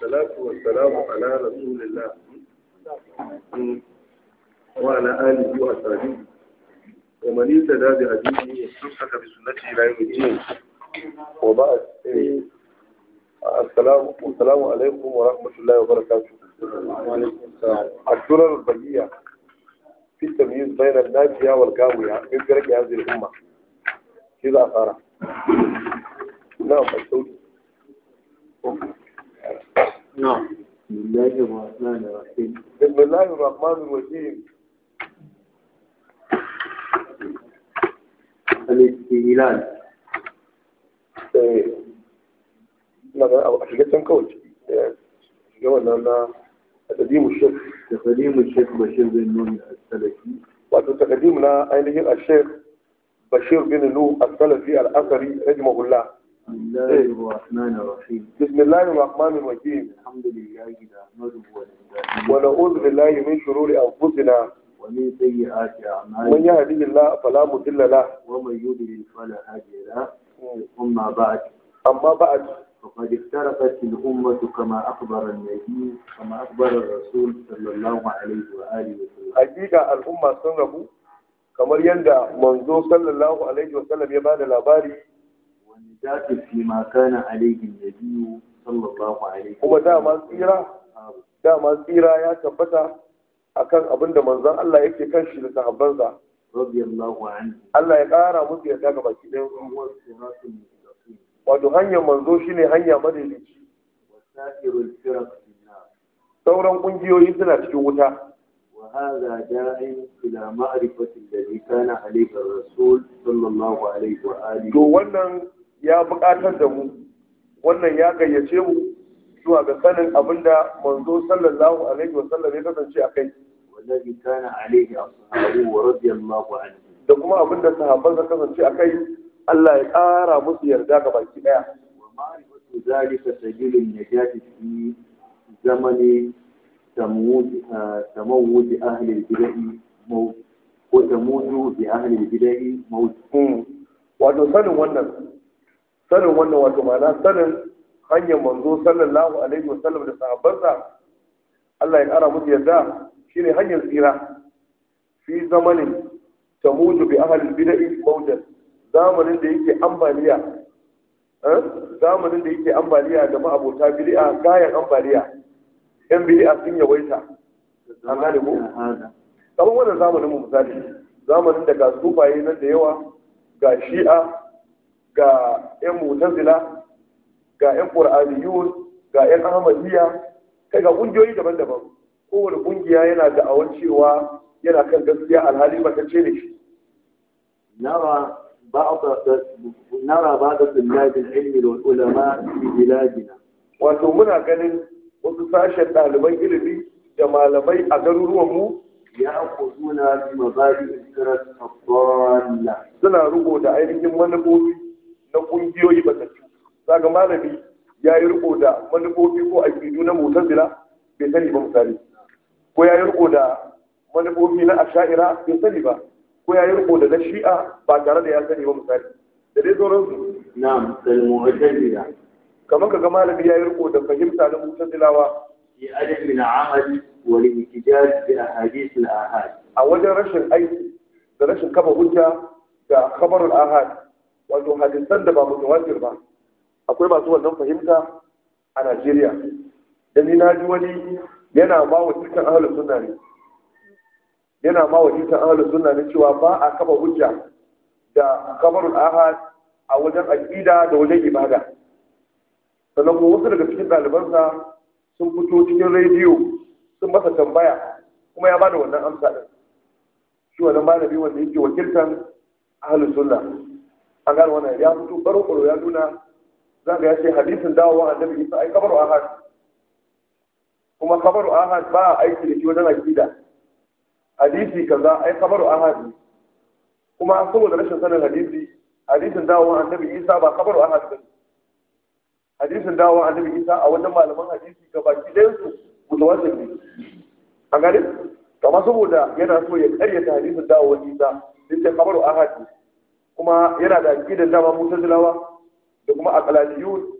salatu wa salamu ala rasulillah wa ala alihi wa sahbihi wa man yata bi hadithi yusaka bi sunnati ila yawm al-din wa ba'd assalamu assalamu alaikum wa rahmatullahi wa barakatuh السنن البقية في التمييز بين الناجية والقاوية من فرق هذه الأمة كذا أثارها نعم السعودية الرحمن الرحيم بسم الله الرحمن الرحيم الاستهلال a shiga can kawai shiga wannan na takadimu shek takadimu shek bashir bin nun al-salafi wato takadimu na ainihin a shek bashir bin nun al-salafi al-asari rajimahullah بسم الله الرحمن الرحيم بسم الله الرحمن الرحيم الحمد لله نحمده ونعوذ بالله من شرور انفسنا ومن سيئات اعمالنا من يهده الله فلا مضل له ومن يضلل فلا هادي له اما بعد اما بعد فقد افترقت الأمة كما أخبر النبي كما أخبر الرسول صلى الله عليه وآله وسلم حقيقة الأمة سنغبو kamar yadda manzo sallallahu alaihi wasallam ya bada labari nijatu fi ma kana alayhi nabi sallallahu alaihi kuma dama tsira tsira ya tabbata akan abin da manzon Allah yake kan shi da sahabbansa Allah ya kara musu ya daga baki da ruwan wato hanyar manzo shine hanya madaidaici wasafirul firaq sauran kungiyoyi suna cikin wuta وهذا داع إلى معرفة الذي كان عليه الرسول صلى الله عليه وآله وسلم. ya buƙatar da mu wannan ya gayyace mu zuwa ga sanin abin da manzo sallallahu alaihi wa sallam ya kasance a kai wallahi kana alaihi ashabu wa radiyallahu anhu da kuma abin da sahabban suka kasance a kai Allah ya ƙara musu yarda ga baki daya wa ma'rifatu zalika sabilun najati fi zamani tamud tamud ahli al bidai maut ko tamud bi ahli al bidai maut hmm. wato sanin wannan sanin wannan wato ma'ana sanin hanyar manzo sallallahu alaihi wa sallam da sahabbansa Allah ya kara musu yadda shine hanyar tsira fi zamanin tamuju bi ahli bid'ah mawjan zamanin da yake ambaliya eh, zamanin da yake ambaliya da ma'abota bid'a kayan ambaliya yan bid'ah sun yawaita an gane mu kamar wannan zamanin mu misali zamanin da ga sufaye nan da yawa ga shi'a ga 'yan mutazila ga 'yan ƙur'aniyun ga 'yan ahmadiyya kai ga ƙungiyoyi daban-daban kowane ƙungiya yana da awon cewa yana kan gaskiya alhali ba ta ce ne shi nara ba da sullabin ilmi da ulama fi biladina wato muna ganin wasu sashen ɗaliban ilimi da malamai a garuruwanmu a بمبادئ السيرة الضالة. سنة Suna rubuta ainihin manufofi. na ƙungiyoyi batattu za ga malami ya yi riko da manufofi ko aƙidu na mutazila bai sani ba misali ko ya yi riko da manufofi na asha'ira bai sani ba ko ya yi riko da na shi'a ba tare da ya sani ba misali da dai sauransu na'am dal mu'tazila kamar kaga malami ya yi riko da fahimta na mutazilawa fi adam min amali wal ihtijaj bi ahadith al ahad a wajen rashin aiki da rashin kafa hujja da khabar al ahad wato hadisan da ba mu tawajir ba akwai masu wannan fahimta a Najeriya da ni na ji wani yana ba wa dukkan ahlus sunna ne yana ba wa dukkan ahlus sunna ne cewa ba a kafa hujja da kabarul ahad a wajen aqida da wajen ibada sannan ko wasu daga cikin ɗalibansa sun fito cikin rediyo sun masa tambaya kuma ya bada wannan amsa din shi wannan malami wanda yake wakiltan ahlus sunna an gane wannan ya mutu baro kwaro ya nuna zanga ya ce hadisin dawowa annabi isa ai kabaru ahad kuma kabaru ahad ba aiki da shi wajen akida hadisi kaza ai kabaru ahad kuma saboda rashin sanin hadisi hadisin dawowa annabi isa ba kabaru ahad ba hadisin dawowa annabi isa a wannan malaman hadisi ga baki ɗayan su mutawatir ne a gani kama saboda yana so ya karyata hadisin dawowa isa sai kabaru ahad ne kuma yana da aƙidar dama mutazilawa da kuma aqlaniyun